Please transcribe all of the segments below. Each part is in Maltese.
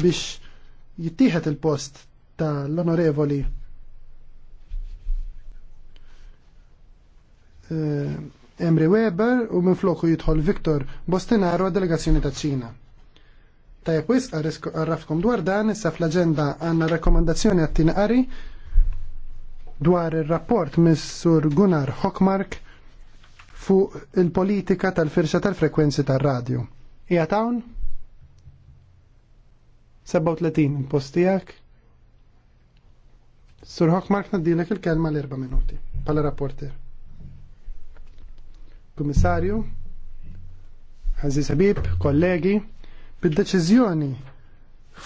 biex jittieħed il-post ta' l-onorevoli Emri eh, Weber u minn floku jidħol Viktor Bostinaro delegazzjoni ta' ċina. Ta' jekwis għarrafkom dwar dan, issa fl-agenda għanna rekomendazzjoni għattin qari dwar il-rapport Missur Gunnar Hockmark fuq il-politika tal-firxa tal-frekwenzi tal-radio. Ija tawn? 37 postijak. Sur Hockmark naddilek il-kelma l-erba minuti pala rapporter. Kommissarju Aziz Habib, kollegi, bid-deċiżjoni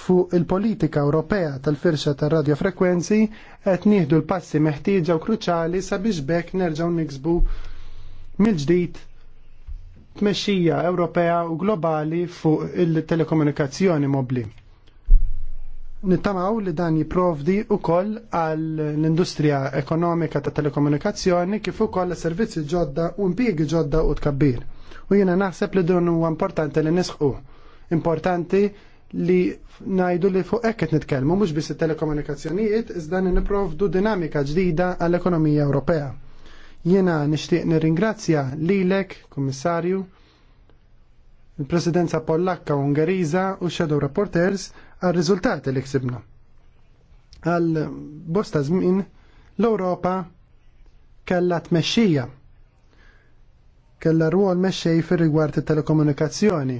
fuq il-politika Ewropea tal-firxa tal-radiofrekwenzi qed nieħdu l-passi meħtieġa u kruċali sabiex bekk nerġgħu niksbu mill-ġdid tmexxija Ewropea u globali fuq il-telekomunikazzjoni mobli. Nittamaw li dan jiprovdi u koll għal l-industrija ekonomika ta' telekomunikazzjoni kif ukoll servizzi ġodda u impiegi ġodda u tkabbir. U jiena naħseb li dun huwa importanti li nisħu. Importanti li najdu li fuq hekk nitkelmu nitkellmu mhux biss it-telekomunikazzjonijiet iżda niprovdu dinamika ġdida għall-ekonomija Ewropea. Jiena nixtieq nirringrazzja lilek, Kummissarju, il-Presidenza Pollakka u Ungeriża u Shadow Reporters għal-riżultati li ksibna. Għal-bosta żmien l-Ewropa kellha tmexxija kella rwol mexxej fir rigward telekomunikazzjoni.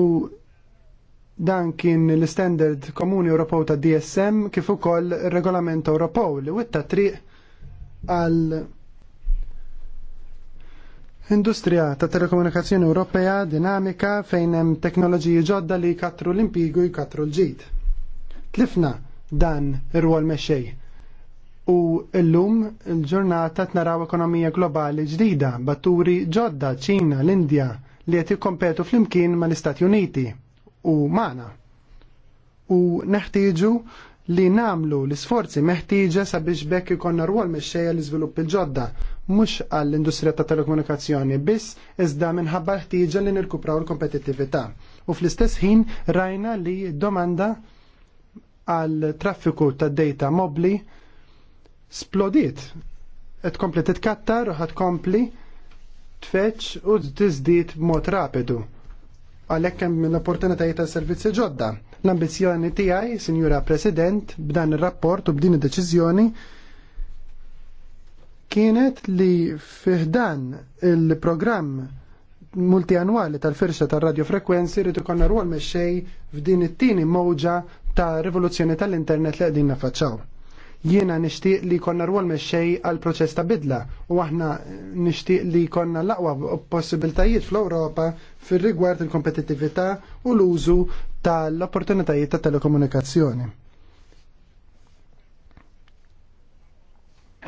U dan kien l-standard komuni Ewropew ta' DSM kif ukoll ir-regolament Ewropew li witta triq għal Industrija ta' telekomunikazzjoni Ewropea dinamika fejn hemm teknoloġiji ġodda li jkatru l-impigu jkatru l-ġid. Tlifna dan ir-rwol mexxej. U llum il-ġurnata tnaraw ekonomija globali ġdida, batturi ġodda ċina, l-Indja li qed jikkompetu flimkien mal istati Uniti u Mana. U neħtieġu li namlu l-sforzi meħtieġa sabiex bekk ikonna rwol mexxejja l iżvilupp il-ġodda, mhux għall-industrija ta' telekomunikazzjoni biss, iżda minħabba ħtieġa li nirkupraw l-kompetittività. U fl-istess ħin rajna li domanda għal traffiku ta' data mobli splodiet. Et kompli titkattar u ħad kompli tfeċ u tizdit b'mod rapidu. Għalhekk hemm l-opportunitajiet ta' servizzi ġodda L-ambizjoni tiegħi, Sinjura President, b'dan ir-rapport u b'din id-deċiżjoni kienet li fiħdan il-programm multianwali tal-firxa tal-radiofrekwenzi rridu konna rwol mexxej f'din it-tieni mowġa ta' rivoluzzjoni tal-internet li qegħdin nafaċċaw. Jiena nixtieq li konna rwol xej għal proċess ta' bidla u aħna nixtieq li konna l-aqwa possibiltajiet fl-Ewropa fil rigward il-kompetittività u l-użu tal-opportunitajiet ta' telekomunikazzjoni.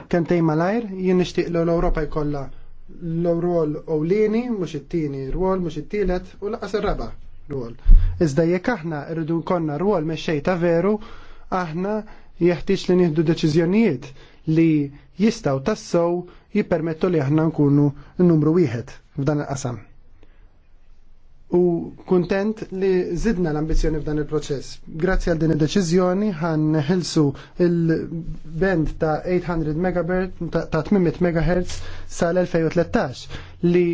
Kemm tgħid malajr, jien nixtieq li l europa jkollha l l-lini, mhux it-tieni rwol, mhux it tilet u laqas ir-raba' rwol. Iżda jekk aħna rridu konna rwol xej ta' veru, aħna jeħtieġ li nieħdu deċiżjonijiet li jistaw tassow jippermettu li aħna nkunu n-numru wieħed f'dan il-qasam. U kuntent li zidna l-ambizjoni f'dan il-proċess. Grazzi għal din id-deċiżjoni ħan ħilsu il-band ta' 800 MHz ta' 800 MHz sal-2013 li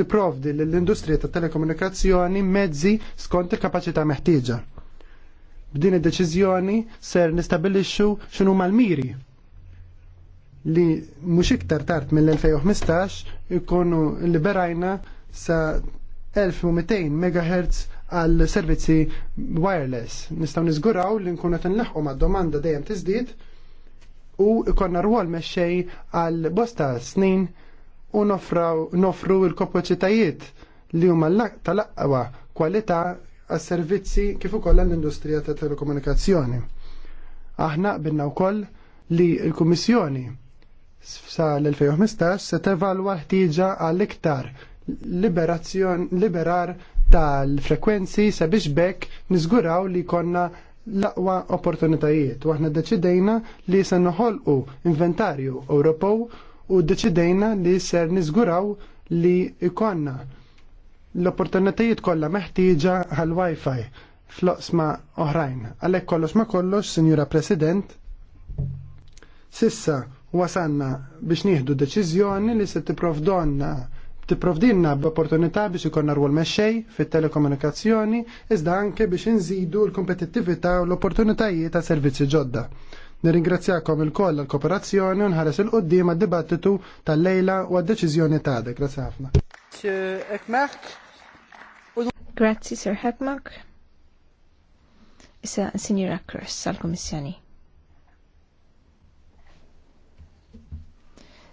tipprovdi l-industrija ta' telekomunikazzjoni mezzi skont il-kapacità meħtieġa B'din id-deċiżjoni ser nistabilixxu x'inhu mal-miri li mhux iktar tard mill-2015 ikunu liberajna sa 1200 MHz għal servizzi wireless. Nistaw niżguraw li nkunu tinlaħqu mad domanda dejjem tiżdied u ikonna rwol mexxej għal bosta snin u nofru l kapaċitajiet li huma tal-aqwa kwalità għas-servizzi kif ukoll għall-industrija ta' telekomunikazzjoni. Aħna binna wkoll li l-Kummissjoni sa l-2015 se tevalwa ħtieġa għall-iktar liberar tal-frekwenzi sabiex bekk niżguraw li konna l-aqwa opportunitajiet. U aħna deċidejna li se noħolqu inventarju Ewropew u deċidejna li ser niżguraw li ikonna l-opportunitajiet kollha meħtieġa għal wifi fi fl-oqsma oħrajn. Għalhekk kollox ma kollox, Sinjura President, sissa wasanna biex nieħdu deċiżjoni li se tipprovdonna tipprovdinna b'opportunità biex ikonna rwol mexxej fit-telekomunikazzjoni iżda anke biex inżidu l-kompetittività u l-opportunitajiet ta' servizzi ġodda. Nirringrazzjakom il-koll l-kooperazzjoni u nħares il-qoddim għad-dibattitu tal-lejla u għad-deċiżjoni ta' dek. Grazie ħafna. Ekmerk. Grazzi, Sir Hackmark. Issa, Sr. Kurs, sal-Komissjoni.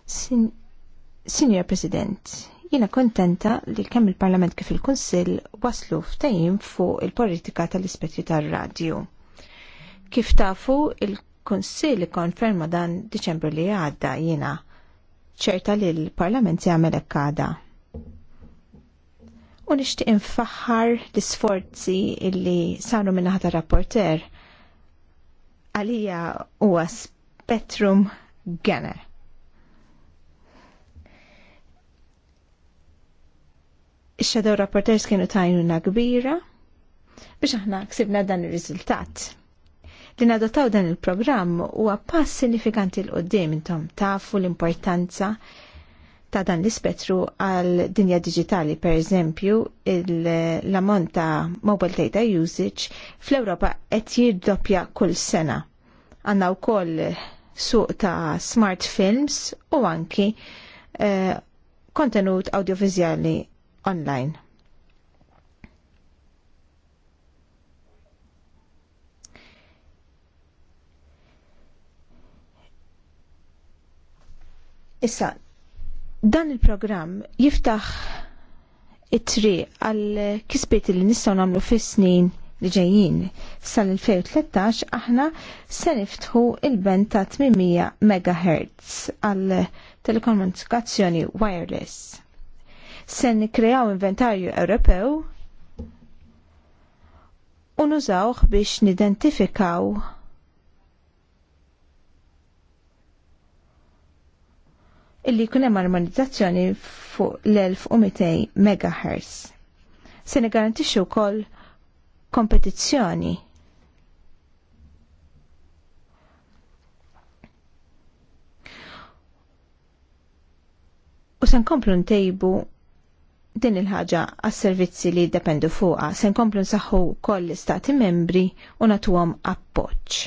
Sin President, jina kontenta li kemm il-Parlament kif il-Kunsill waslu ftajim fuq il-politika tal ispetju tar-radju. Kif tafu il-Kunsill konferma dan Diċembru li għadda jina ċerta li l-Parlament jagħmel hekk. għada u nixtieq infaħħar l-isforzi illi saru minna ħata rapporter għalija huwa spettrum gener. Ix-shadow rapporters kienu tajnuna kbira biex aħna ksibna dan ir-riżultat. Li nadottaw dan il-programm huwa pass sinifikanti l qoddim intom tafu l-importanza ta' dan l-ispettru għal dinja digitali, per eżempju, l-ammont ta' mobile data usage fl-Europa qed jiddoppja kull sena. Għanna wkoll suq ta' smart films u anki eh, kontenut audiovizjali online. Issa, Dan il-programm jiftaħ it-triq għal kisbiet li nistgħu nagħmlu fis-snin li ġejjin. Sal-2013 aħna se niftħu il-band ta' 800 MHz għal telekomunikazzjoni wireless. Se nikkrejaw inventarju Ewropew u nużawh biex nidentifikaw illi jkun hemm armonizzazzjoni fuq l-1200 MHz. Se nigarantixxu wkoll kompetizzjoni U se nkomplu ntejbu din il-ħaġa għas-servizzi li dependu fuqa, se nkomplu nsaħħu koll l-istati membri u natuhom appoġġ.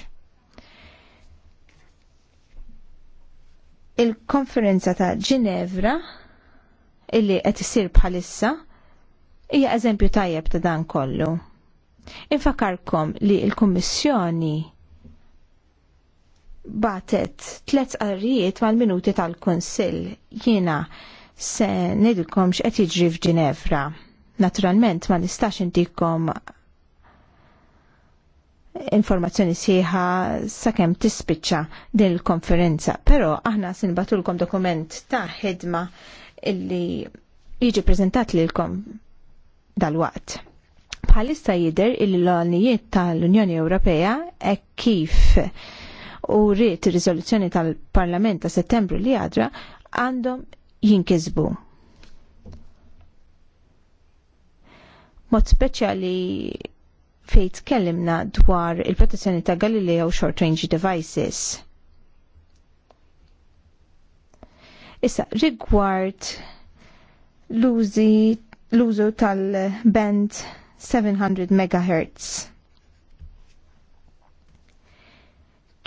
il-konferenza ta' Ginevra illi qed isir bħalissa hija eżempju tajjeb ta' dan kollu. Infakarkom li l-Kummissjoni batet tliet qarrijiet mal-minuti tal-Kunsill jiena se nidilkom x'qed jiġri f'Ġinevra. Naturalment ma nistax intikom informazzjoni sieħa sakemm tispiċċa din il-konferenza. Però aħna sinbatulkom dokument ta' ħidma illi jiġi prezentat lilkom dal-waqt. Bħalista jider il-lanijiet tal-Unjoni Ewropea e kif u rrit il tal-Parlament ta' settembru li għadra għandhom jinkisbu. Mod speċjali fejn tkellimna dwar il-protezzjoni ta' Galileo Short Range Devices. Issa, rigward l-użu tal-band 700 MHz.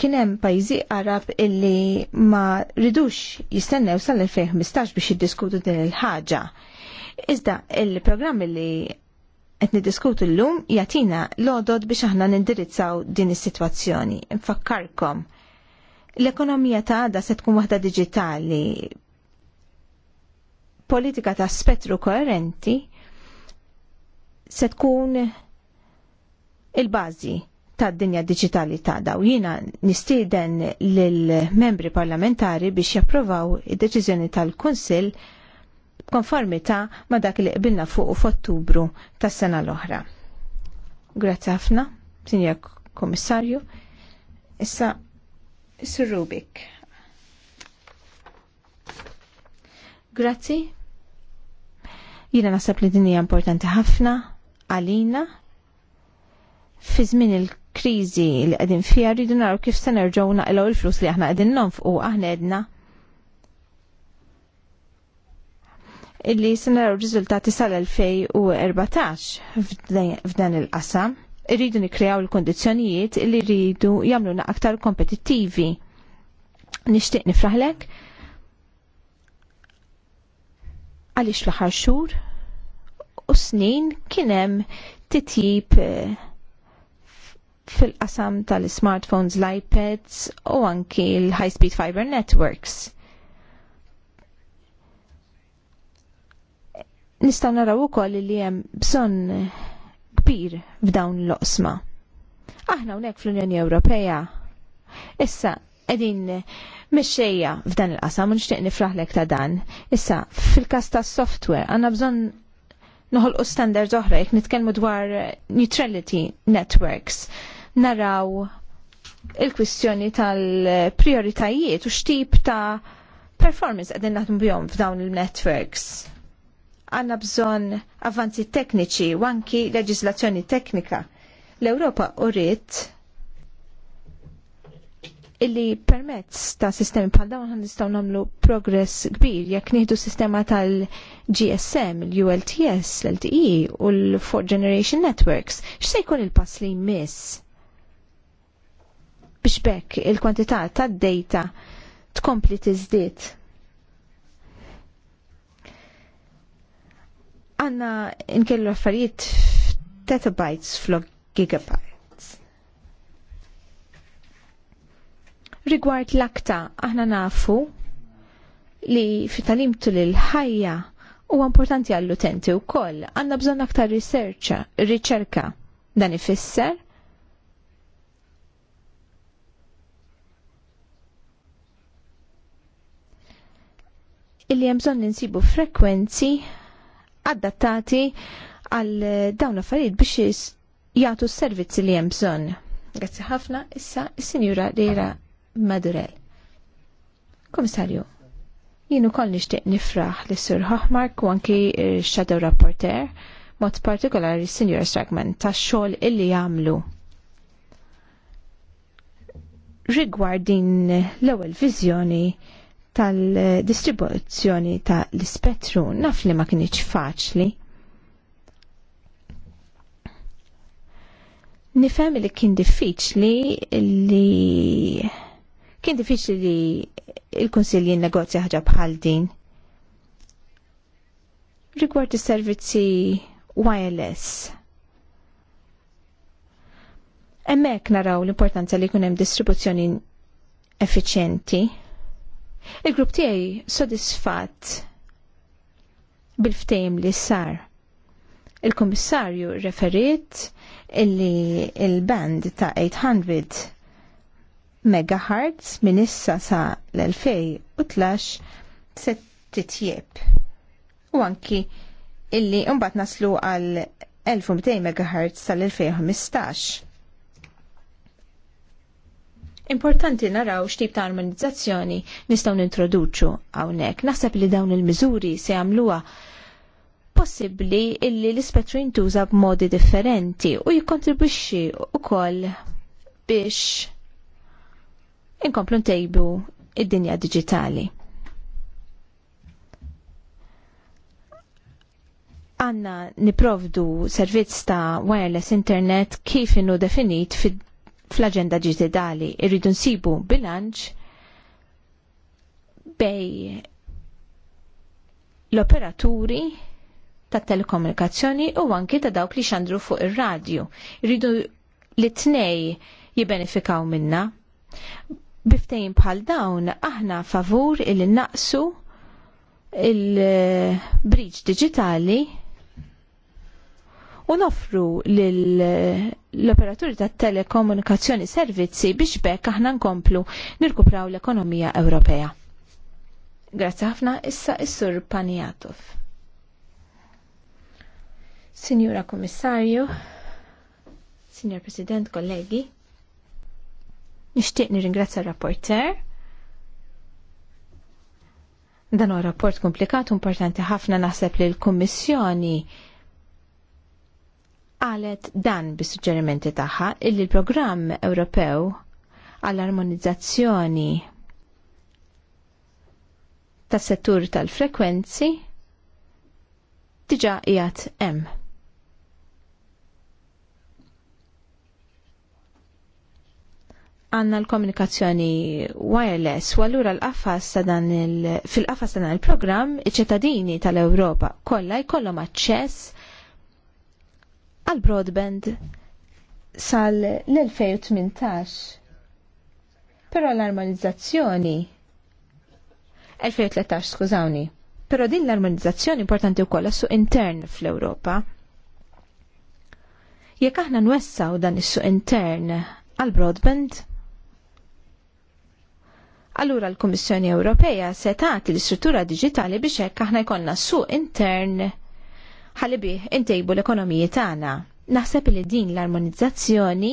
kienem pajzi Arab illi ma ridux jistennew sal-2015 biex jiddiskutu din il-ħaġa. Iżda il-programm li qed niddiskutu llum jagħtina l-għodod biex aħna nindirizzaw din is-sitwazzjoni. Nfakkarkom l-ekonomija ta' għada se tkun waħda diġitali politika ta' spettru koerenti se tkun il-bażi tad dinja diġitali ta' u Jina nistiden lill membri parlamentari biex japprovaw id-deċiżjoni tal-Kunsill b'konformità ma' dak li qbilna fuq f'Ottubru tas-sena l-oħra. Grazzi ħafna, Sinjor Komissarju. Issa, Sir Rubik. Grazzi. Jiena naħseb li din hija importanti ħafna għalina fi żmien il-kriżi li qegħdin fija rridu naraw kif se nerġgħu naqilgħu il-flus li aħna qegħdin nonfqu aħna għedna. illi se naraw riżultati sal-2014 f'dan il-qasam. Irridu nikrijaw il-kondizjonijiet illi rridu jamluna aktar kompetittivi. Nixtieq nifraħlek għaliex l aħħar xhur u snin kien hemm titjib eh, fil-qasam tal-smartphones, l-iPads u anki l-high-speed fiber networks Nistgħu naraw ukoll li hemm bżonn kbir f'dawn l-oqsma. Aħna hawnhekk fl-Unjoni Ewropea issa qegħdin mixxejja f'dan il-qasam u nixtieq nifraħlek ta' dan. Issa fil-każ tas-software għandna bżonn noħolqu standards oħra jekk nitkellmu dwar neutrality networks naraw il-kwistjoni tal-prioritajiet u xtip ta' performance għedin naħdmu bjom f'dawn il-networks għanna bżon avanzi tekniċi u anki leġislazzjoni teknika. L-Europa urrit illi permezz ta' sistemi bħal dawn għan nistaw namlu progress kbir jekk nieħdu sistema tal-GSM, l-ULTS, l-LTE u l-Fourth Generation Networks. X'se jkun il-pass li jmiss? Biex bekk il-kwantità tad-data tkompli tiżdiet? għanna nkellu affarijiet tetabytes flok gigabytes. Rigward l-akta, aħna nafu li fit-talim il-ħajja u importanti għall-utenti u koll għanna bżon aktar riċerka dan ifisser illi hemm bżonn insibu frekwenzi adattati għal dawn affarijiet biex jagħtu s-servizzi li hemm bżonn. Grazzi ħafna issa is-Sinjura Rira Madurell. Komissarju, jien ukoll nixtieq nifraħ li sur Hoħmark u anki Shadow Rapporter mod partikolari s Sinjura Stragman tax-xogħol illi jagħmlu rigward din l-ewwel viżjoni tal-distribuzzjoni tal-spettru naf li ma kienieċ faċli. Nifhem li kien diffiċli li kien diffiċli li il-Kunsilli jinnegozja ħaġa bħal din. Rigward is-servizzi wireless. Emmek naraw l-importanza li kunem distribuzzjoni effiċenti. Il-grupp tiegħi sodisfatt bil-ftejm li sar. Il-Kummissarju referiet illi il-band ta' 800 megahertz minn issa sa l-2013 se titjieb. U anki illi mbagħad naslu għal 1200 megahertz sal-2015. Importanti naraw x'tip ta' armonizzazzjoni nistgħu nintroduċu hawnhekk. Naħseb li dawn il-miżuri se jagħmluha possibbli illi l-ispettru jintuża b'modi differenti u jikkontribwixxi wkoll biex inkomplu ntejbu id-dinja diġitali. għanna niprovdu servizz ta' wireless internet kif innu definit fid fl-agenda ġitidali. Irridu nsibu bilanċ bej l-operaturi ta' telekomunikazzjoni u anki ta' dawk li xandru fuq ir-radju. Irridu li tnej jibenefikaw minna. Biftejn bħal dawn aħna favur il-naqsu il-bridge digitali u nofru l-operaturi tat telekomunikazzjoni servizzi biex bekk aħna nkomplu nirkupraw l-ekonomija Ewropea. Grazzi ħafna issa is-sur Panijatov. Signora Kommissarju, Signor President, kollegi, nishtiq nirringrazzja r-rapporter dan huwa rapport komplikat importanti ħafna naħseb li l-Kummissjoni għalet dan bis-suġġerimenti tagħha illi l-programm Ewropew għall-armonizzazzjoni tas settur tal-frekwenzi diġa qiegħed hemm. Għanna l-komunikazzjoni wireless u allura l-qafas fil-qafas ta' dan il-programm iċ-ċittadini tal-Ewropa kollha jkollhom aċċess għal broadband sal-2018. Però l-armonizzazzjoni 2013, skużawni. Però din l-armonizzazzjoni importanti wkoll kolla suq intern fl-Ewropa. Jekk aħna nwessaw dan is-suq intern għal broadband, Allura l-Kummissjoni Ewropea se tagħti l-istruttura diġitali biex hekk aħna jkollna suq intern ħalli bih intejbu l-ekonomiji tagħna. Naħseb li din l-armonizzazzjoni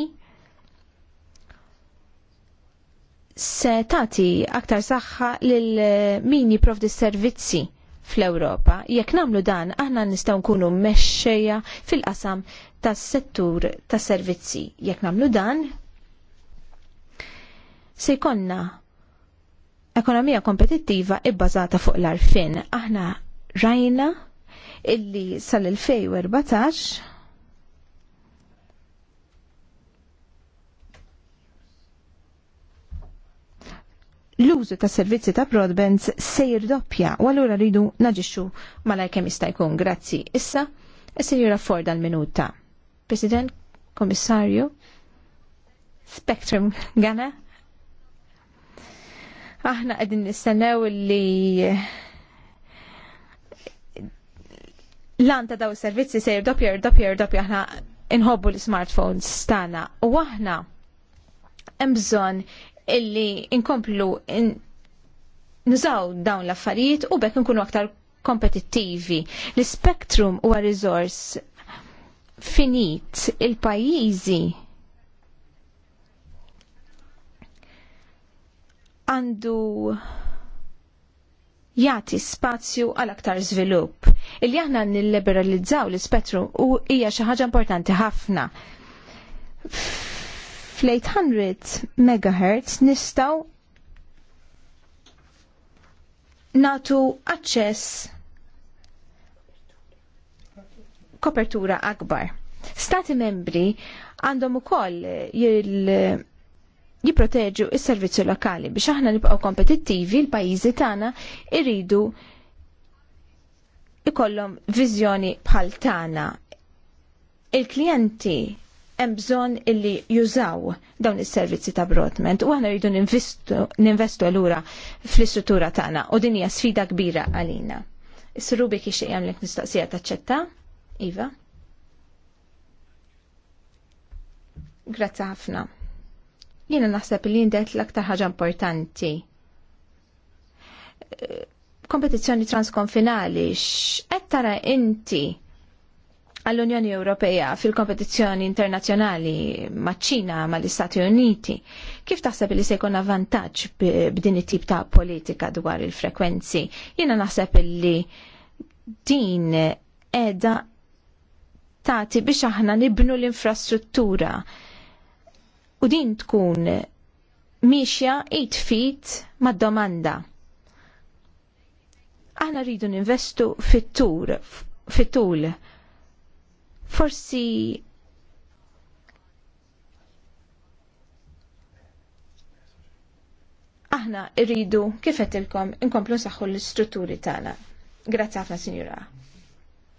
se tagħti aktar saħħa lil min jipprovdi s-servizzi fl-Ewropa. Jekk nagħmlu dan aħna nistgħu nkunu mexxejja fil-qasam tas-settur tas-servizzi. Jekk nagħmlu dan se jkollna ekonomija kompetittiva ibbażata fuq l-arfin. Aħna rajna illi sal-2014 l-użu ta' servizzi ta' broadband se jirdoppja u allura rridu naġixxu malaj kemm jista' jkun. Grazzi. Issa, issa jirrafforda l-minuta. President, Komissarju, Spectrum Gana. Aħna qegħdin nistennew li lan ta' daw servizzi sejr doppja doppja doppja aħna inħobbu l-smartphones tagħna u aħna hemm bżonn illi inkomplu nużaw dawn l-affarijiet u bekk nkunu aktar kompetittivi. L-spektrum huwa riżors finit il-pajjiżi għandu jagħti spazju għal aktar żvilupp. Illi aħna nilliberalizzaw l-ispettru u hija xi ħaġa importanti ħafna. Fl-800 MHz nistgħu natu aċċess kopertura akbar. Stati membri għandhom ukoll il jipproteġu is-servizzi lokali biex aħna nibqgħu kompetittivi l-pajjiżi tagħna iridu ikollhom viżjoni bħal tagħna. Il-klijenti hemm bżonn illi jużaw dawn is-servizzi ta' broadment u aħna rridu ninvestu allura fl-istruttura tagħna u din hija sfida kbira għalina. Is-rubi kif xi jagħmlek mistoqsija taċċetta? Iva? Grazzi ħafna. Jiena naħseb li jindet l-aktar ħaġa importanti. Kompetizzjoni transkonfinali, x'qed tara inti għall-Unjoni Ewropea fil-kompetizzjoni internazzjonali maċ-Ċina, mal-Istati Uniti, kif taħseb li se jkun avvantaġġ b'din it-tip ta' politika dwar il-frekwenzi? Jiena naħseb li din edha tagħti biex aħna nibnu l-infrastruttura u din tkun miexja 8 fit mad-domanda. Aħna rridu ninvestu fit-tur, fit-tul. Forsi aħna rridu ilkom inkomplu saħħu l-istrutturi tagħna. Grazzi ħafna, Sinjura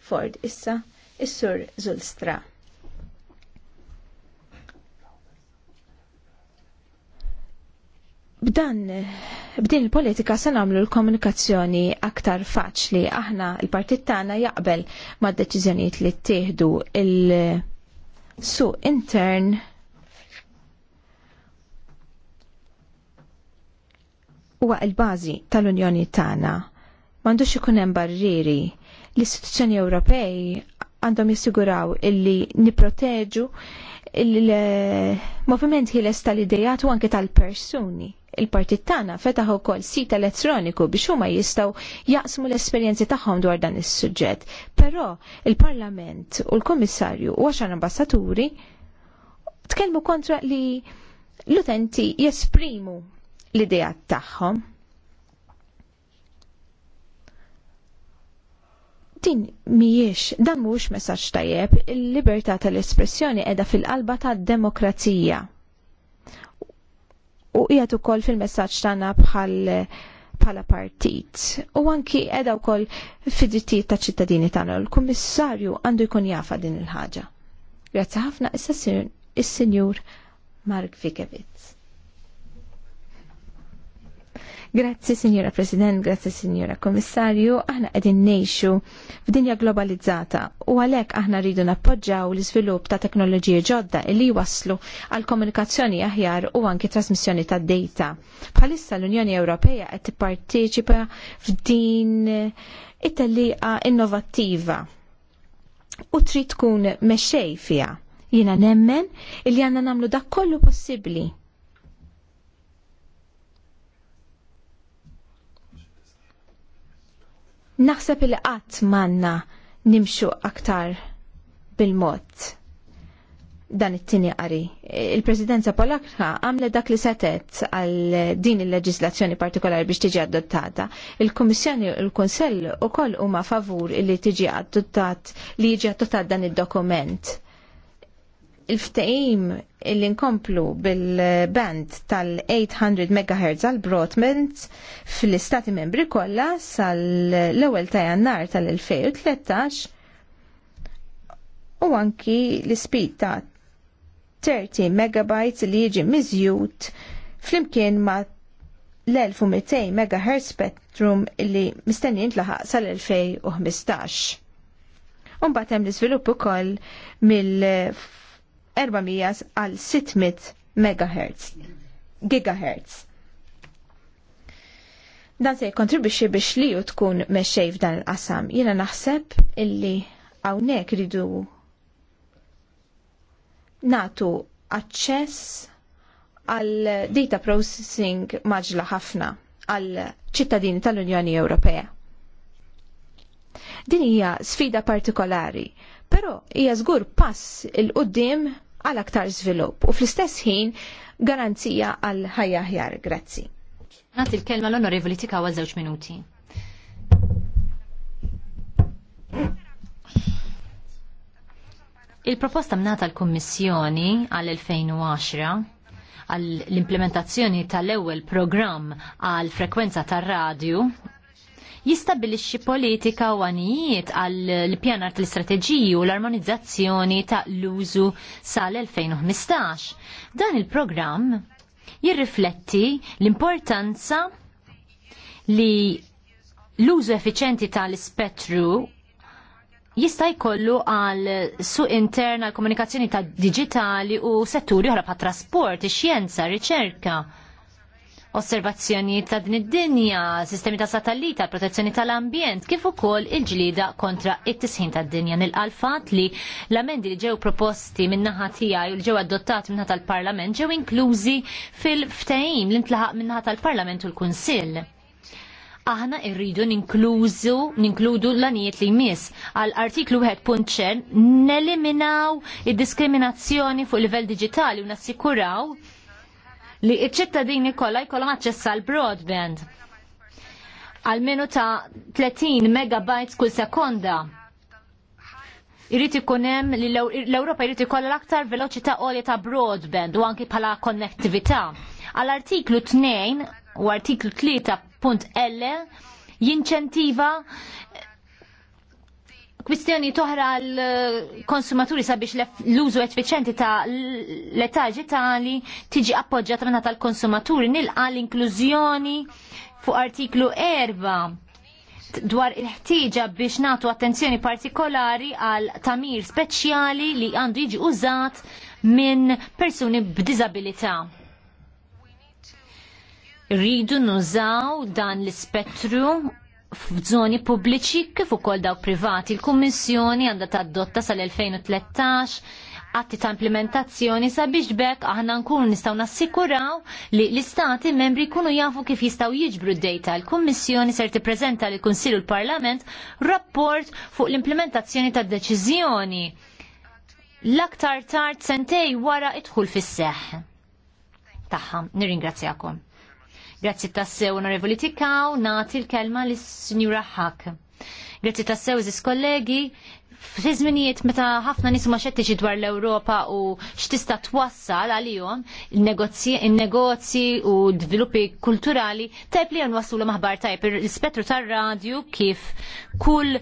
Ford. Issa, is-Sur Zulstra. b'dan b'din il-politika se nagħmlu l-komunikazzjoni aktar faċli. Aħna l-partit tagħna jaqbel mad-deċiżjonijiet li ttieħdu il-suq intern huwa l-bażi tal-Unjoni tagħna. M'għandux ikun hemm barrieri l-istituzzjoni Ewropej għandhom jissiguraw illi niproteġu il-moviment ħiles tal-idejat u anke tal-persuni. Il-partit tana fetaħ ukoll sit elettroniku biex huma jistgħu jaqsmu l-esperjenzi tagħhom dwar dan is-suġġett. Però il-Parlament u l-Kummissarju u għaxar ambassaturi tkellmu kontra li l-utenti jesprimu l-idejat tagħhom Din mhijiex dan mhuwiex messaġġ tajjeb, il-libertà tal-espressjoni qiegħda fil-qalba tad-demokrazija. U qiegħed ukoll fil-messaġġ tagħna bħal bħala partit u anki edha u koll drittijiet ta' ċittadini tagħna l-kummissarju għandu jkun jafa din il-ħaġa. Grazzi ħafna issa is-Sinjur Mark Vikevitz. Grazzi, Signora President, grazzi, Signora Komissarju. Aħna qegħdin ngħixu f'dinja globalizzata u għalhekk aħna rridu nappoġġaw l-iżvilupp ta' teknoloġiji ġodda li waslu għal komunikazzjoni aħjar u anki trasmissjoni ta' data. Bħalissa l-Unjoni Ewropea qed tipparteċipa f'din it-tellieqa innovativa. u trid tkun mexxej fija Jiena nemmen li għandna nagħmlu dak kollu possibbli Naħseb il qatt manna nimxu aktar bil-mod dan it-tini qari. Il-Presidenza Polakka għamle dak li setet għal din il-leġislazzjoni partikolari biex tiġi adottata. Il-Kummissjoni u l-Kunsell ukoll huma favur li tiġi adottat li jiġi adottat dan id-dokument il-ftehim li nkomplu bil-band tal-800 MHz għal broadband fl-istati membri kollha sal-ewwel ta' jannar tal-2013 u anki l speed ta' 30 MB li jiġi miżjud flimkien ma' l-1200 MHz spectrum li mistenni jintlaħaq sal-2015. Un hemm l-iżvilupp ukoll mill 400 għal 600 MHz. Gigahertz. Dan se jkontribwixxi biex li u tkun meċċej f'dan il-qasam. Jiena naħseb illi hawnhekk ridu natu aċċess għal data processing maġla ħafna għal ċittadini tal-Unjoni Ewropea. Din hija sfida partikolari, però hija żgur pass il qudiem għal aktar żvilupp u fl-istess ħin garanzija għal ħajja ħjar. Grazzi. Nagħti l-kelma l-Onorevoli Tika għal żewġ minuti. Il-proposta mnata l-Kommissjoni għal 2010 għall-implementazzjoni tal-ewwel programm għal frekwenza tar-radju jistabilixxi politika u għanijiet għall-pjanar tal-istrateġiji u l-armonizzazzjoni ta' l-użu sal-2015. Dan il-programm jirrifletti l-importanza li l-użu effiċenti tal-spettru jista' jkollu għal suq intern għal komunikazzjoni ta' digitali u setturi oħra bħat trasport, ix-xjenza, riċerka osservazzjonijiet ta' din id-dinja, sistemi ta' satellita, protezzjoni tal-ambjent, kif ukoll il-ġlida kontra it-tisħin tad-dinja. Nil-qalfat li l-amendi li ġew proposti min-naħa tiegħi u li ġew adottati minnaħa tal-Parlament ġew inklużi fil-ftehim li ntlaħaq minnaħa tal-Parlament u l-Kunsill. Aħna irridu ninklużu, ninkludu l-anijiet li jmiss. Għal artiklu 1.10 neliminaw id-diskriminazzjoni fuq livell digitali u nassikuraw li iċ-ċittadini kollha jkollhom aċċess għal broadband għal minu ta' 30 megabytes kull sekonda. Irrit ikun hemm li l-Ewropa jrid ikollha l-aktar veloċità għolja ta' broadband u anki bħala konnettività. Għal artiklu 2 u artiklu 3.l jinċentiva kwistjoni toħra l-konsumaturi eh, sabiex l-użu effiċenti ta' l-età ġitali tiġi appoġġjata minna tal-konsumaturi nilqa l-inklużjoni fuq artiklu 4 dwar il-ħtieġa biex natu attenzjoni partikolari għal tamir speċjali li għandu jiġi użat minn persuni b'diżabilità. Rridu nużaw dan l-ispettru f'żoni pubbliċi kif ukoll dawk privati. Il-Kummissjoni għandha tadotta sal-2013 atti ta' implementazzjoni sabiex bekk aħna nkunu nistgħu nassikuraw li l-istati membri jkunu jafu kif jistgħu jiġbru d-dejta. Il-Kummissjoni ser tippreżenta lill kunsill u l-Parlament rapport fuq l-implementazzjoni tad-deċiżjoni l-aktar tard sentej wara idħul fis-seħħ. Taħħa, nirringrazzjakom. Grazzi tassew, onorevoli Tikaw, nati l-kelma l-Sinjura Hak. Grazzi tassew, zis kollegi, fi żminijiet meta ħafna nisu ma xettiġi dwar l-Ewropa u x'tista' twassal għalihom il-negozji u d-viluppi kulturali tajb li waslu l-maħbar tajb il-spettru tar-radju kif kull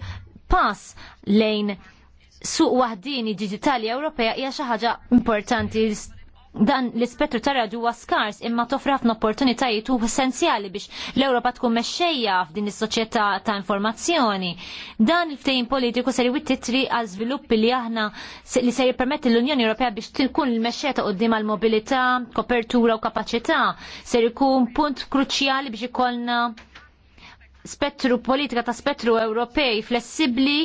pass lejn suq waħdini digitali Ewropea hija xi ħaġa importanti dan l-ispettru ta' raġu huwa skars imma tofrafna opportunitajiet u essenzjali biex l-Ewropa tkun mexxejja f'din is-soċjetà ta' informazzjoni. Dan il-ftehim politiku ser titri għal żviluppi li aħna li se jippermetti l-Unjoni Ewropea biex tkun il mexxejja ta' qudiem għal mobilità, kopertura u kapaċità ser ikun punt kruċjali biex ikollna spettru politika ta' spettru Ewropej flessibbli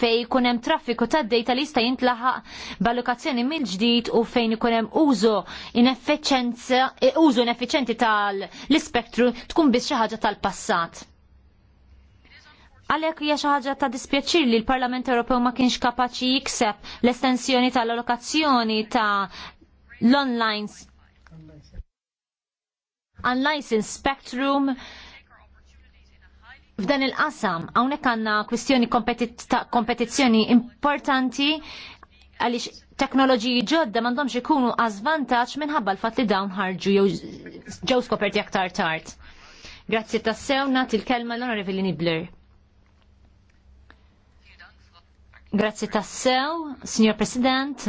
fej kunem hemm traffiku ta' data li jista' jintlaħaq ballokazzjoni mill-ġdid u fejn ikun hemm użu ineffiċenza e, użu ineffiċenti tal-ispektru tkun biss xi ħaġa tal-passat. Għalhekk hija xi ħaġa ta' dispjaċir li l-Parlament Ewropew ma kienx kapaċi jikseb l-estensjoni tal-allokazzjoni ta' l-online unlicensed spectrum f'dan il-qasam hawnhekk għandna kwistjoni ta' kompetizzjoni importanti għaliex teknoloġiji ġodda m'għandhomx ikunu għażvantaġġ minħabba l fat li dawn ħarġu jew ġew skoperti aktar tard. Grazzi tassew nagħti il-kelma l-Onorevoli Nibler. Grazzi tassew, Signor President,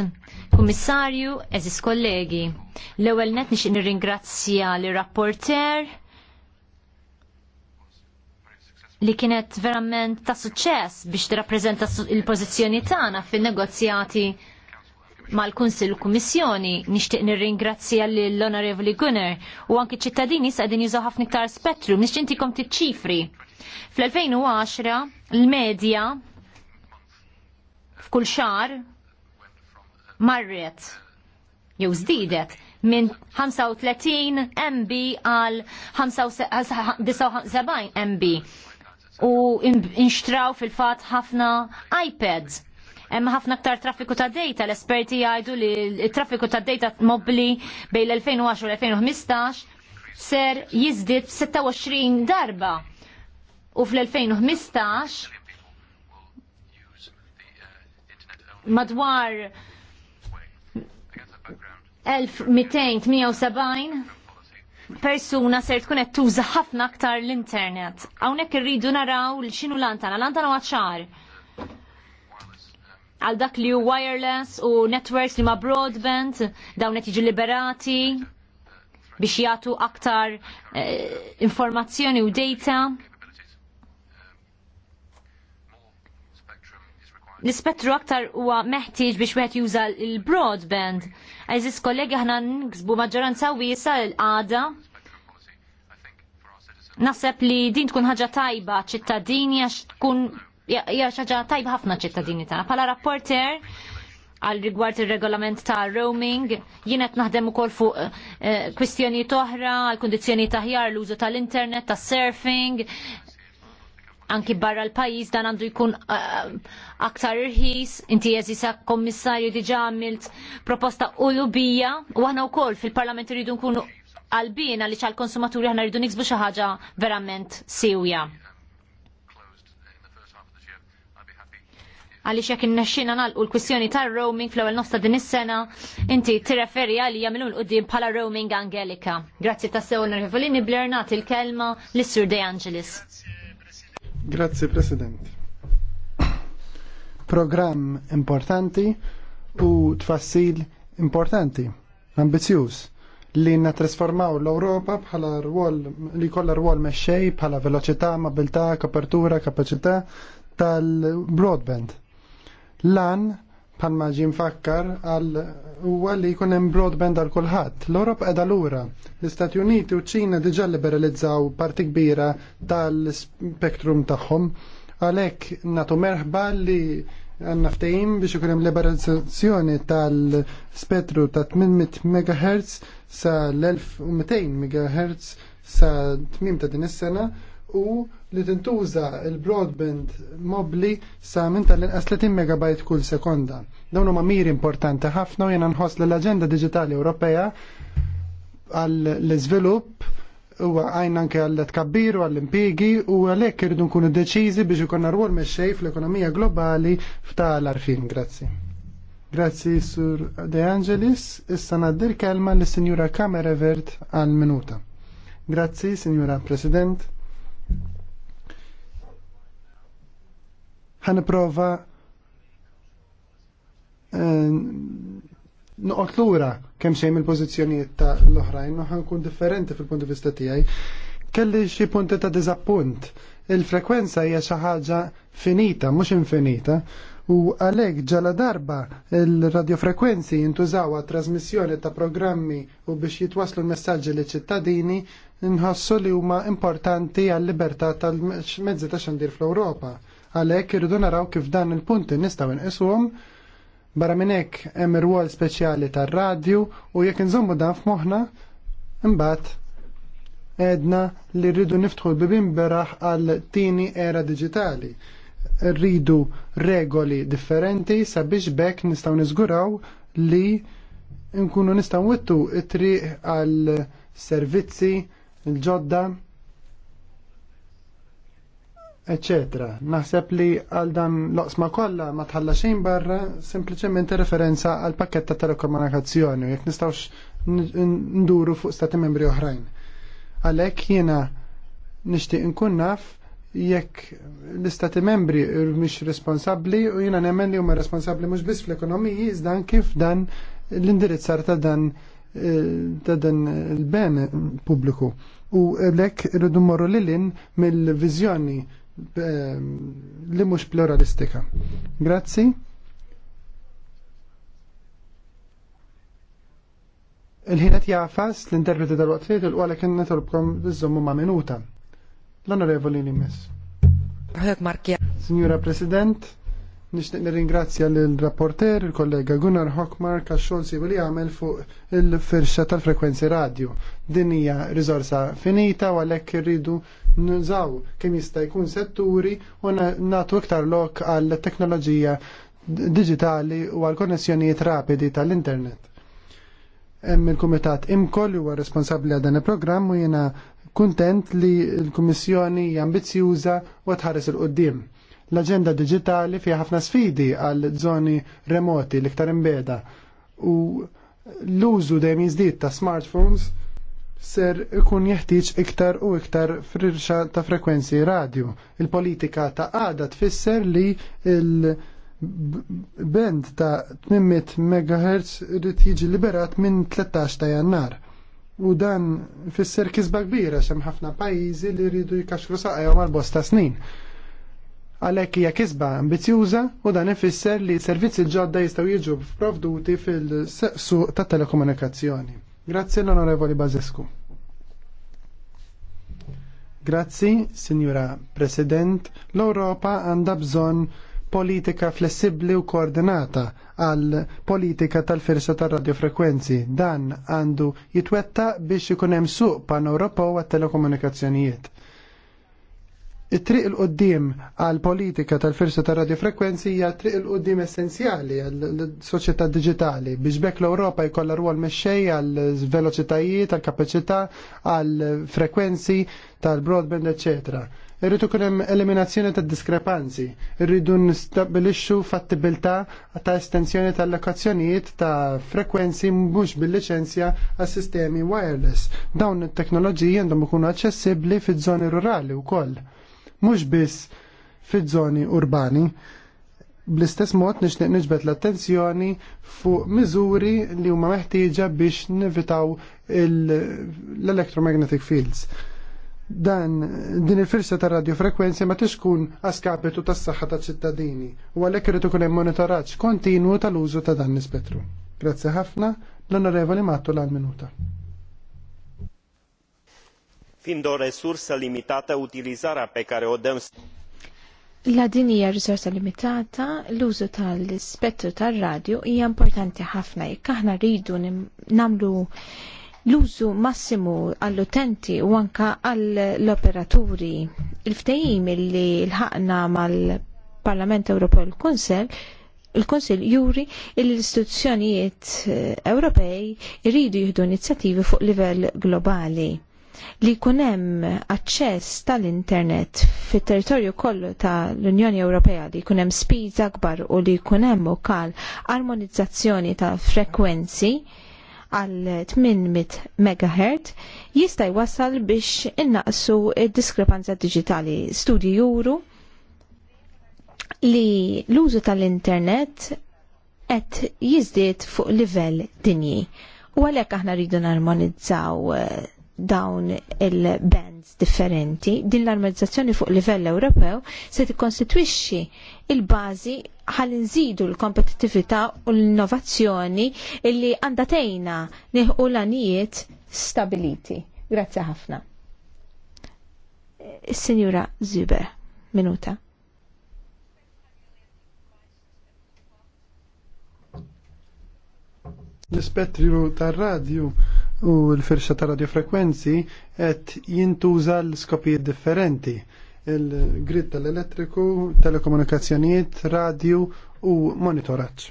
Kummissarju, eżis kollegi. L-ewwel net nixtieq nirringrazzja l-rapporter, li kienet verament ta' suċċess biex tirrappreżenta il-pożizzjoni tagħna fin-negozjati mal-Kunsil u Kummissjoni. Nixtieq nirringrazzja lill-Onorevoli Gunner u anki ċittadini qegħdin jużaw ħafna iktar spettrum, nixtieq intikom tiċ-ċifri. Fl-2010 l-medja f'kull xar marret jew żdiedet minn 35 MB għal 79 MB u inxtraw fil-fat ħafna iPads. Hemm ħafna aktar traffiku ta' data, l-esperti jgħidu li traffiku ta' data mobli bejn l-2010 u l-2015 ser jizdit 26 darba. U fl-2015 madwar 1278 persuna ser tkun qed tuża ħafna aktar l-internet. Hawnhekk irridu naraw l xinu lantana, lantana ċar. Għal dak li hu wireless u networks li ma broadband dawn qed jiġu liberati biex jagħtu aktar eh, informazzjoni u data l-ispettru aktar huwa meħtieġ biex wieħed juża l-broadband. Eżis kollegi aħna nkisbu maġġoranza wiesa l-għada. Naħseb li din tkun ħaġa tajba ċittadini għax tkun hija ħaġa tajba ħafna ċittadini tagħna. Bħala rapporter għal rigward ir regolament ta' roaming, jienet naħdem ukoll fuq eh, kwistjoni toħra, għal kundizzjoni taħjar l-użu tal-internet, ta' surfing, anki barra l-pajis dan għandu jkun uh, aktar irħis, inti jeżisa kommissarju diġa għamilt proposta ulubija u għana u kol fil-parlament rridu nkunu għalbin għalix ċal konsumaturi għana rridu niksbu xaħġa verament siwja. għalix jek n-naxxina nalqu l-kwistjoni tar roaming fl-ewel nosta din is-sena, inti tirreferi għalli jagħmlu l qoddim bħala roaming Angelika. Grazzi ta' sew Nervolini Blair il-kelma l sur De Angelis. Grazzi President. Programm importanti u tfassil importanti, ambizjuż li trasformaw l-Europa bħala rwol li kolla rwol mexxej bħala veloċità, mobilità, kapertura, kapaċità tal-broadband. Lan palma ġi mfakkar għal huwa li jkun hemm broadband għal kulħadd. L-Ewropa qiegħda lura. L-Istati Uniti u ċina diġà liberalizzaw parti kbira tal-spektrum tagħhom. Għalhekk nagħtu merħba li għanna ftehim biex ikun hemm liberalizzazzjoni tal-spettru ta' 800 MHz sa l-1200 MHz sa tmim ta' din is-sena u li tintuża il-broadband mobli sa minn tal-inqas 30 megabajt kull sekonda. Dawn huma miri importanti ħafna u jiena nħoss l-Aġenda Diġitali Ewropea għall-iżvilupp huwa għajn anke għall tkabbir u għall-impigi u għalhekk irridu nkunu deċiżi biex ikonna rwol mexxej fl-ekonomija globali f'tal-arfin. Grazzi. Grazzi Sur De Angelis, issa naddir kelma lis sinjura Vert għal minuta. Grazzi, Sinjura President. ħaniprofa eh, noqgħod lura kemm xejn mill-pożizzjonijiet ta' l-oħrajn u ħankun differenti fil-punt di vista tiegħi. Kelli xi punti ta' diżappunt. Il-frekwenza hija xi ħaġa finita, mhux infinita, u għalek ġala darba il-radiofrekwenzi jintużaw trasmissjoni ta' programmi u biex jitwaslu l li ċittadini nħossu li huma importanti għall libertà tal-mezzi ta' xandir fl-Ewropa. Għalhekk irridu naraw kif dan il-punti nistgħu nqisuhom barra minn hekk hemm ir-rwol speċjali tar-radju u jekk inżommu dan f'moħħna imbagħad edna li rridu niftħu l-bibin beraħ għal tini era digitali. Rridu regoli differenti sabiex bekk nistgħu niżguraw li nkunu nistgħu wittu it-triq għal servizzi l-ġodda eccetera. Naħseb li għal dan loqsma kollha ma tħalla xejn barra sempliċement referenza għal pakket ta' telekomunikazzjoni jekk nistgħux nduru fuq stati membri oħrajn. Għalhekk jiena nixtieq inkun naf jekk l-istati membri mhux responsabbli u jiena nemmen li huma responsabbli mhux biss fl-ekonomiji iżda kif dan l-indirizzar ta' dan ta' dan il-ben pubbliku u lek rridu morru lilin mill-vizjoni Ehm, li mhux pluralistika. Grazzi. Il-ħinet jafas l-interpreti tal waqt li tilqu għalhekk netolbkom iżommu ma' minuta. L-Onorevoli Limes. Signora President, Nixtieq nirringrazzja lill rapporter il-kollega Gunnar Hockmark għax-xogħol sibu li għamel fuq il-firxa tal-frekwenzi radio. Din hija riżorsa finita u għalhekk irridu nżaw kemm jista' jkun setturi u nagħtu iktar lok għal teknoloġija digitali u għall konnessjonijiet rapidi tal-internet. Hemm il-kumitat imkoll huwa responsabbli għal dan il-programm u jiena kuntent li l-Kummissjoni hija ambizzjuża u tħares il qoddim L-agenda digitali fi ħafna sfidi għal zoni remoti l-iktar imbeda u l-użu dejjem jiżdied ta' smartphones ser ikun jeħtieġ iktar u iktar frirxa ta' frekwenzi radio. Il-politika ta' għada tfisser li il bend ta' 800 MHz rrit jiġi liberat minn 13 ta' jannar. U dan fisser kisba kbira xem ħafna pajizi li rridu jikaxru saqajhom għal bosta snin. Għalhekk hija kisba ambizjuża u dan ifisser li servizzi ġodda jistgħu jiġu provduti fil-suq ta' telekomunikazzjoni. Grazzi l-Onorevoli Bazescu. Grazzi, Sinjura President, l-Europa għandha bżonn politika flessibli u koordinata għal politika tal-firsa tal-radiofrekwenzi. Dan għandu jitwetta biex ikun hemm suq pan-Ewropew għat-telekomunikazzjonijiet it-triq il-qoddim għal politika tal-firsa ta' radiofrekwenzi hija triq il-qoddim essenzjali għal soċjetà digitali biex bekk l-Ewropa jkollha rwol mexxej għal veloċitajiet, għal kapaċità, għal frekwenzi tal-broadband, eċetera. Irrid kunem hemm eliminazzjoni ta' diskrepanzi, irridu nistabilixxu fattibilità ta' estensjoni tal-lokazzjonijiet ta' frekwenzi mhux bil-liċenzja għas sistemi wireless. Dawn it-teknoloġiji għandhom ikunu aċċessibbli fiż-żoni rurali wkoll mhux biss fiż-żoni urbani. Bl-istess mod nixtieq niġbed l-attenzjoni fuq miżuri li huma meħtieġa biex nevitaw l-electromagnetic fields. Dan din il-firsa ta' radiofrekwenzi ma tixkun għaskapitu tas saħħa ta' ċittadini u għalhekk irid ikun hemm monitoraġġ kontinwu tal-użu ta' dan l-ispettru. Grazzi ħafna, l-Onorevoli Mattu l-minuta fiind o resursă limitată utilizarea pe care o dăm La din hija risorsa limitata, l-użu tal-spettru tar-radju hija importanti ħafna jekk aħna rridu nagħmlu l-użu massimu għall-utenti u anka għall-operaturi. Il-ftehim li l-ħaqna mal-Parlament Ewropew l-Kunsel il-Konsil juri l-istituzzjonijiet eh, Ewropej iridu jieħdu inizjattivi fuq livell globali li jkun hemm aċċess tal-internet fit territorju kollu tal-Unjoni Ewropea li jkun hemm speeds akbar u li jkun hemm ukoll armonizzazzjoni ta' frekwenzi għal 800 MHz jista' jwassal biex innaqsu id-diskrepanza diġitali studji juru li l-użu tal-internet qed jiżdied fuq livell dinji. U għalhekk aħna rridu narmonizzaw eh, dawn il-bands differenti, din l-armonizzazzjoni fuq livell Ewropew se tikkonstitwixxi il-bażi ħal nżidu l-kompetittività u l-innovazzjoni illi għandha tgħinna nieħu l-anijiet stabiliti. Grazzi ħafna. Signora Zuber, minuta. L-ispettru tar-radju u l-firxa ta' radiofrekwenzi qed jintuża l-skopijiet differenti il-grid tal-elettriku, telekomunikazzjonijiet, radio u monitoraġġ.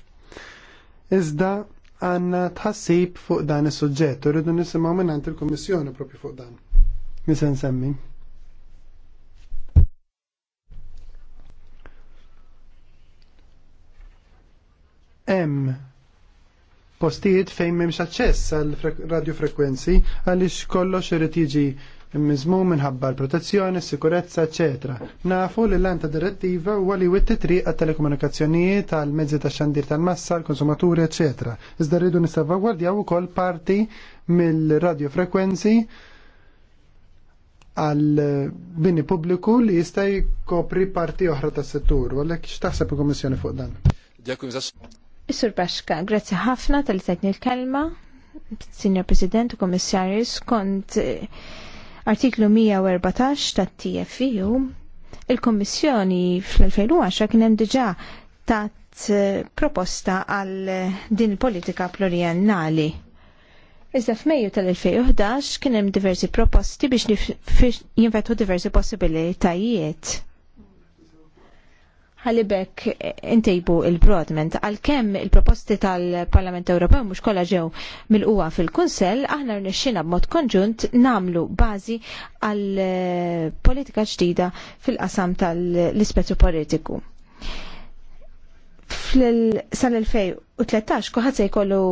Iżda għanna tħassib fuq dan is suġġett u rridu nisimaw minnant il-Kommissjoni propju fuq dan. Nisen semmi. Em postijiet fejn m'hemmx aċċess għal radiofrekwenzi għaliex kollox irid jiġi mizmu minħabba l-protezzjoni, sikurezza, ecc. Nafu li l-anta direttiva u li witti triq għat-telekomunikazzjonijiet għal-mezzi ta' xandir tal-massa, l-konsumaturi, ecc. Iżda rridu u ukoll parti mill-radiofrekwenzi għal bini pubbliku li jista' jkopri parti oħra tas-settur. Għallek, x'taħseb il komissjoni fuq dan? Isur Baxka, grazzi ħafna tal-tetni l-kelma, Signor President u Komissaris, skont eh, artiklu 114 tat tfu e il komissjoni fl-2010 kien hemm diġà tat eh, proposta għal eh, din il-politika pluriennali. Iżda f'Mejju tal-2011 kien hemm diversi proposti biex jinvetu diversi possibilitajiet ħalibek eh, intejbu il-broadment. Għalkemm il-proposti tal-Parlament Ewropew mhux kollha ġew mill uwa fil-Kunsell, aħna rnexxina b'mod konġunt namlu bażi għal eh, politika ġdida fil-qasam tal-ispettru politiku. Sal-2013 kuħat se jkollu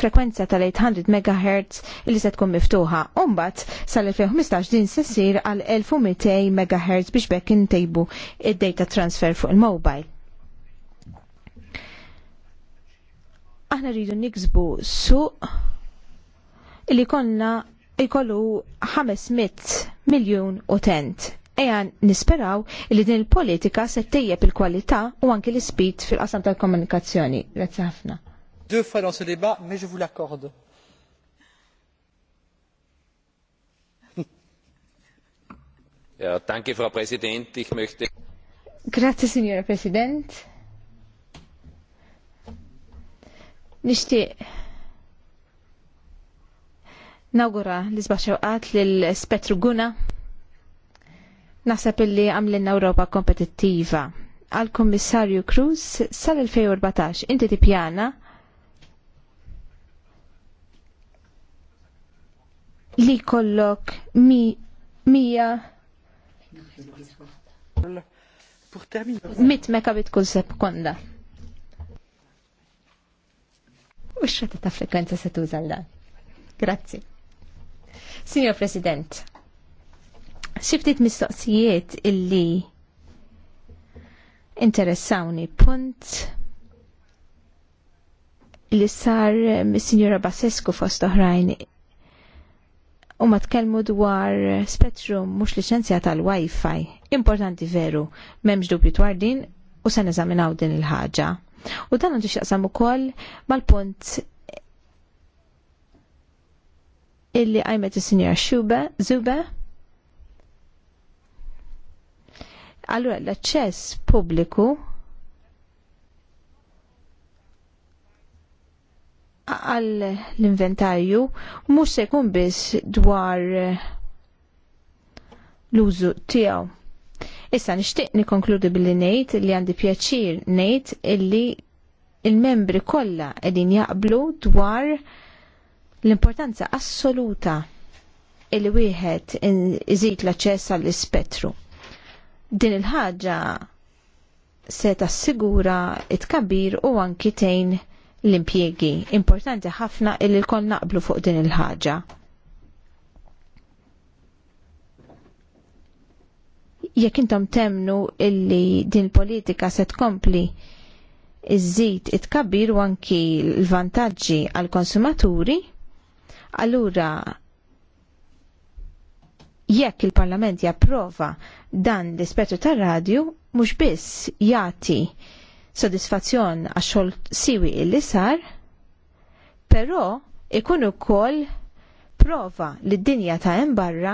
frekwenza tal-800 MHz li se tkun miftuħa. Umbat sal-2015 din se ssir għal 1200 MHz biex bekk intejbu id-data transfer fuq il-mobile. Aħna rridu niksbu suq li konna jkollu 500 miljun utent. Ejan nisperaw li din il-politika se tejjeb il-kwalità u anki l-ispit fil-qasam tal-komunikazzjoni. Grazzi ħafna deux fois dans ce débat, mais je vous l'accorde. Ja, danke, Frau Präsident. Ich möchte. Grazie, signora President. Nishtiq nawgura li sbaċewqat l-Spetru Guna. Nasab li għamlinna Europa kompetittiva. Għal-Kommissarju Cruz sal-2014 inti tipjana li kollok mi mija mit megabit kull sekonda. U x ta' frekwenza se tużal dan? Grazzi. Signor President, xiftit mistoqsijiet illi interessawni punt li sar Signora Basescu fost oħrajn u ma tkellmu dwar spettrum mhux liċenzja tal-Wi-Fi. Importanti veru, m'hemmx dubju dwar din u se neżaminaw din il-ħaġa. U dan għandu u ukoll mal-punt illi għajmet il-Sinjor Xuba Zube. Allura l-aċċess pubbliku għal l-inventarju mhux se jkun biss dwar l-użu tiegħu. Issa nixtieq nikkonkludi billi ngħid li għandi pjaċir ngħid illi il-membri kollha qegħdin jaqblu dwar l-importanza assoluta illi wieħed iżid l-aċċess għall-ispettru. Din il-ħaġa se tassigura it-kabir u anki tejn l-impjegi. Importanti ħafna illi l-kon naqblu fuq din il-ħaġa. Jekk intom temnu illi din politika se tkompli iż-żid itkabbir u anki l-vantaġġi għal konsumaturi, allura jekk il-Parlament japprova dan l ispettu tar-radju, mhux biss jagħti sodisfazzjon għax-xogħol siwi illi sar, però ikun ukoll prova li d-dinja ta' hemm barra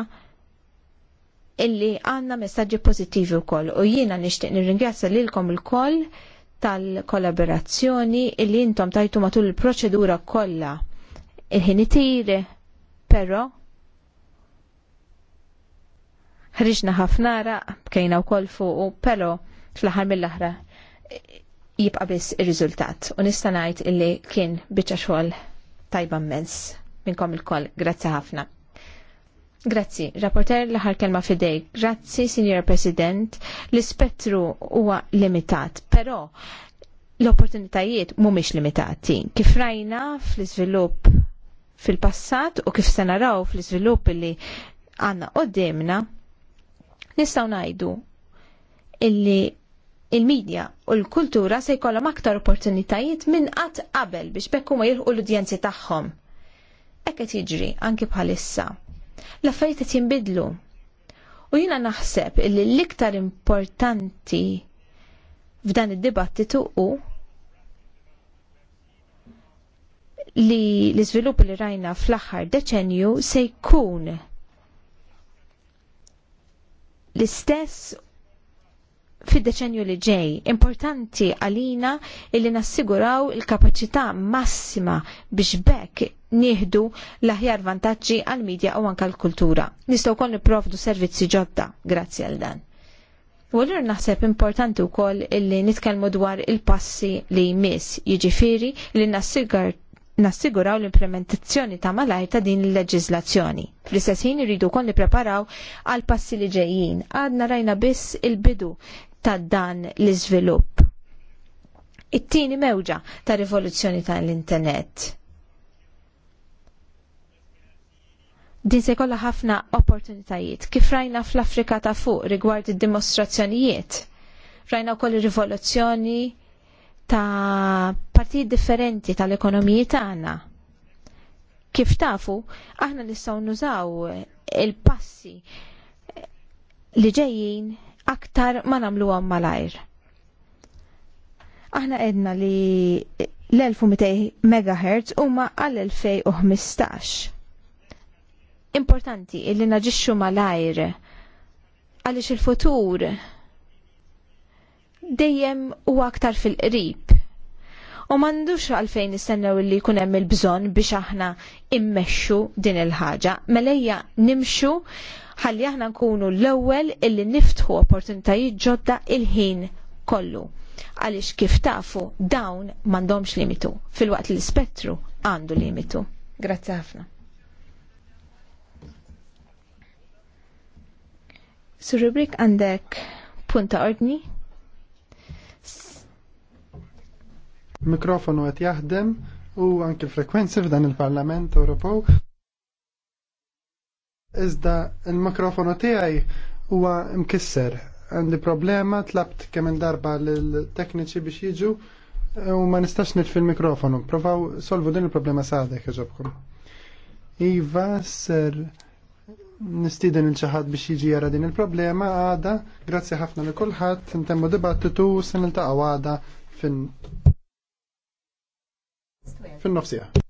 illi għandna messaġġi pożittivi wkoll u jiena nixtieq nirringrazzja lilkom il-koll tal-kollaborazzjoni illi intom tajtu matul il-proċedura kollha il ħinitiri però ħriġna ħafna raq, bkejna wkoll fuq, però fl-aħħar mill aħra jibqa' biss ir-riżultat u nista' ngħid illi kien biċċa xogħol tajba mmens minnkom il-koll. Grazzi ħafna. Grazzi, rapporter l-ħar kelma fidej. Grazzi, Signor President, l-ispettru huwa limitat, però l-opportunitajiet mhumiex limitati. Kif rajna fl-iżvilupp fil-passat u kif se naraw fl-iżvilupp li għandna qoddimna, nistgħu ngħidu illi il-medja u l-kultura se jkollhom aktar opportunitajiet minn qatt qabel biex bekku ma jilħu l-udjenzi tagħhom. Hekk qed jiġri anki bħalissa. L-affarijiet qed jinbidlu. U jiena naħseb li l-iktar importanti f'dan id-dibattitu u li l-iżvilupp li rajna fl-aħħar deċenju se jkun l-istess fid-deċenju li ġej. Importanti għalina illi nassiguraw il-kapacità massima biex bekk nieħdu l-aħjar vantaġġi għal midja u anka l-kultura. Nistgħu kol nipprovdu servizzi ġodda grazzi għal dan. U l naħseb importanti wkoll illi nitkellmu dwar il-passi li jmiss, jiġifieri li nassigar nassiguraw l-implementazzjoni ta' malaj ta' din il-leġizlazzjoni. Fl-istess ħin irridu kon nipreparaw għal passi li ġejjin. Għadna rajna biss il-bidu ta' dan l-iżvilupp. It-tieni mewġa ta' rivoluzzjoni tal-internet. Din se jkollha ħafna opportunitajiet kif rajna fl-Afrika ta' fuq rigward id-dimostrazzjonijiet. Rajna wkoll rivoluzzjoni ta' partijiet differenti tal-ekonomiji tagħna. Kif tafu, aħna nistgħu nużaw il-passi li ġejjin aktar ma namlu għam malajr. Aħna edna li l-1200 MHz huma għal-2015. Importanti illi naġixxu malajr għaliex il-futur dejjem huwa aktar fil-qrib. U m'għandux għalfejn nistennew li jkun hemm il-bżonn biex aħna immexxu din il-ħaġa, melejja nimxu ħalli aħna nkunu l-ewwel illi niftħu opportunitajiet ġodda il-ħin kollu. Għaliex kif tafu dawn m'għandhomx limitu, fil-waqt li ispettru għandu limitu. Grazzi ħafna. Sur rubrik għandek punta ordni. Mikrofonu għet jaħdem u anki l-frekwenzi f'dan il-Parlament Ewropew Iżda il-mikrofonu tiegħi huwa mkisser. Għandi problema tlabt kemm darba l tekniċi biex jiġu u ma nistax nitfi l-mikrofonu. Provaw solvu din il-problema sadek ġobkom. Iva ser nistiden il-ċaħat biex jiġi jara din il-problema għada, grazzi ħafna li kullħat, intemmu dibattitu sen il-taqaw għada fin. fin nofsija.